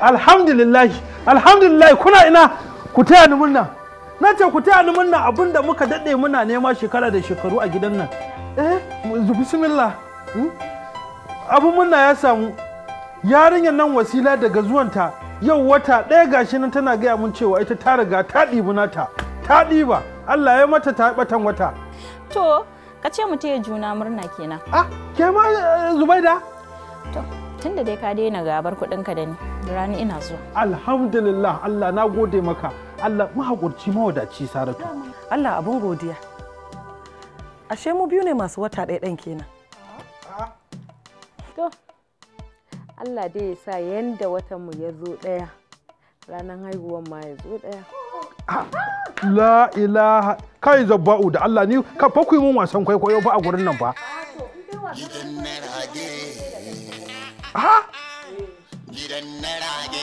alhamdulillahi alhamdulillahi kuna ina ku taya ni murna na ce ku taya ni murna abinda muka daɗe muna nema shekara da shekaru a gidan nan eh bismillah hmm? abin murna ya samu yarinyar nan wasila daga zuwanta yau wata ɗaya gashi nan tana gaya mun cewa ita ta riga ta ɗibi nata ta ɗiba Allah ya mata ta batan wata to ka ce mu taya juna murna kenan ah ke ma eh, zubaida tun da dai ka daina gabar ka da ni rani ina zuwa alhamdulillah Allah na gode maka Allah mahaƙurci mawadaci saratu Allah abun godiya ashe mu biyu ne masu wata ɗaya ɗan kenan to Allah dai ya sa yanda watan mu ya zo ɗaya ranar haihuwar ma ya zo ɗaya la ilaha kai zabba'u da Allah ni ka fa mun wasan kwaikwayo ba a gurin nan ba Gidan ce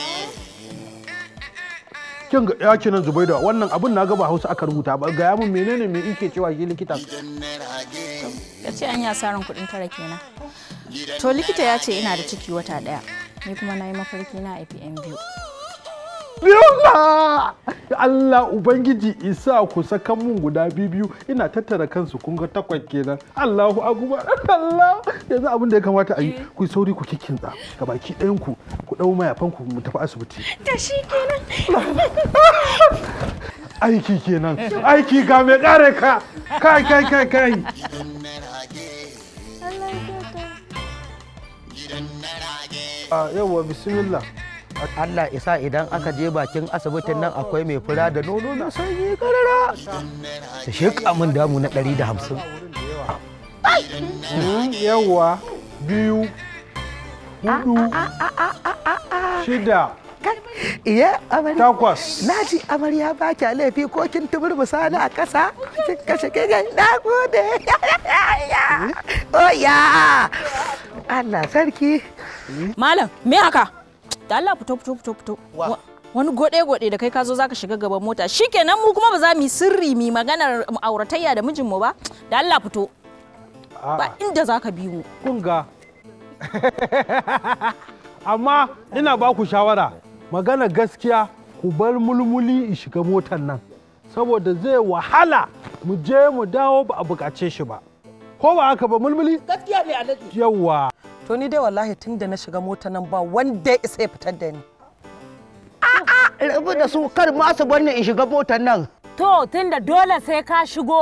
Kin ga yakin nan Zubaida wannan abin na gaba Hausa aka rubuta ba ga yamin menene me yake cewa shi likita. Ya ce an yi asarin kuɗin tara kenan. To likita ya ce ina da ciki wata ɗaya. Ni kuma na yi mafarki na IPM biyu. biyunga Allah Ubangiji isa ku saka mun guda biyu ina tattara kansu kun ga takwas kenan Allahu akbar Allah yanzu abin da ya kamata a yi eh. ku sauri ku kikinta ga baki ɗayan ku ku dau mayafan ku mu tafi asibiti da shi kenan aiki kenan aiki ga mai kare ka kai kai kai kai Allah ya ah, yawa bismillah Allah isa idan aka je bakin asibitin nan akwai mai fura da nono na sanyi karara su sheƙa min damu na ɗari da hamsin. Yawwa biyu hudu ah, ah, ah, shida iya amarya takwas na ji amarya ba kya laifi ko kin tumur ni a ƙasa kashe na gode oya oh, Allah sarki malam me haka da Allah fito fito fito fito wani gode gode da kai ka zo zaka shiga gaban mota shikenan mu kuma ba za mu yi sirri mu maganar auratayya da mijinmu ba da Allah fito ba inda zaka bi mu kun ga amma ina ba ku shawara magana gaskiya ku bar mulmuli in shiga motar nan saboda zai wahala mu je mu dawo ba a bukace shi ba ko ba haka ba mulmuli gaskiya ne a yawwa to ni dai wallahi tun da na shiga mota nan ba wanda ya isa ya fitar da ni a'a rabu da su kar ma su bar ni in shiga motar nan to tun da dole sai ka shigo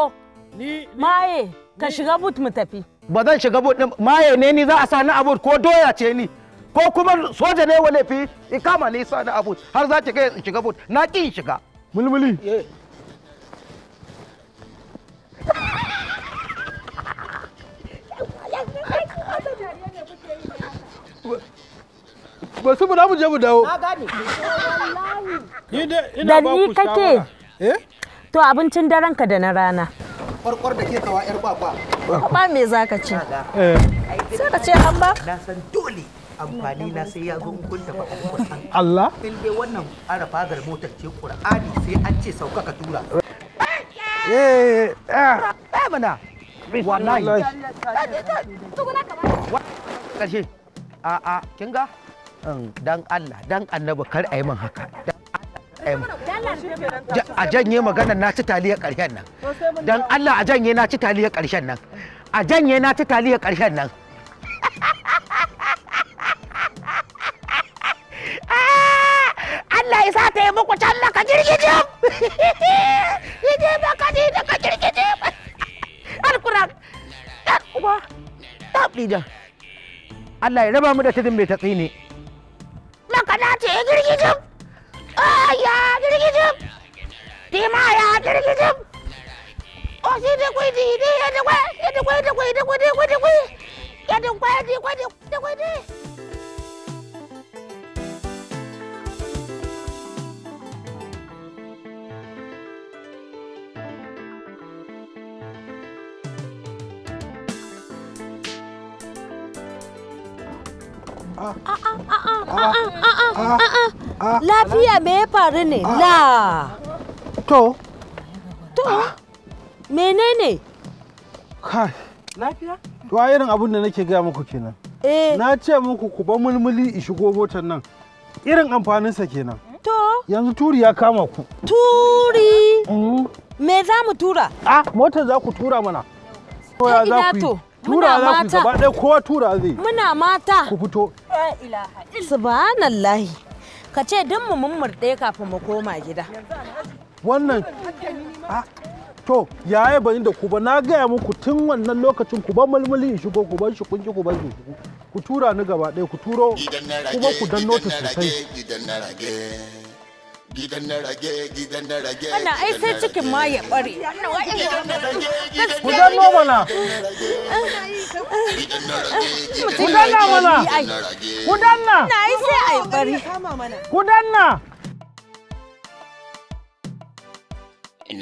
ni maye ka shiga but mu tafi ba zan shiga but din maye ne ni za a sa ni abut ko doya ce ni ko kuma soja ne wa laifi ikama ne sa ni abut har za ki ga in shiga but na ki shiga mulmuli eh. ba su mu je mu dawo na gane ni ina ba ku kake eh to abincin daren ka da na rana kwarkwar da ke kawa yar kwakwa kwakwa me zaka ci eh sai ka ce an ba na san dole amfani na sai ya zo kun da bakan Allah in dai wannan arafa gar motar ce Qur'ani sai an ce sauka ka tura eh eh, eh. eh ba mana wallahi A'a, kin ga mm, dan Allah dan annabi kar a yi min haka a janye magana na ci taliyar ƙarshen nan Dan Allah a janye na ci taliyar ƙarshen nan a janye na ci taliyar ƙarshen nan Allah ya sa ta yi muku ka girgije ije ba ka ji ka girgije alkuran ɗan uwa ɗan ɗijan Allah ya raba mu da tudun mai tatsi ne laka na ce girgijin ya girgijin tima ya girgijin o si da kwai di da ya da kwai da kwai da kwai da kwai da kwai da kwai da kwai da kwai da kwai Lafiya me ya faru ne? La. To. To. Menene? Kai. Lafiya? To a irin abin da nake gaya muku kenan. Eh. Na ce muku ku ba mulmuli i shigo motar nan. Irin amfaninsa kenan. To. Yanzu turi ya kama ku. Turi. Me za mu tura? Ah, motar za ku tura mana. ya za ku Tura za ku yi gaba ɗaya kowa tura zai. Muna mata. Ku fito. subhanallahi ka ce duk mu mummurɗe kafin mu koma gida wannan ah, to yaya bani da ku ba na gaya muku tun wannan lokacin ku ban mulmuli in shigo ku ban shi kun ku ban shi ku tura ni gaba ɗaya ku turo kuma ku dan notice sosai gidan na rage gidan na rage ana ai sai cikin ma ya bare ku danno mana ku danna mana ku danna na ai sai ai bare ku danna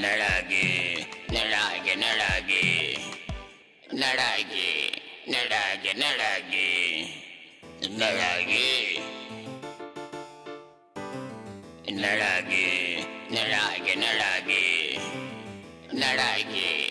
na rage na rage na rage na rage na rage na rage na narage, na rage na rage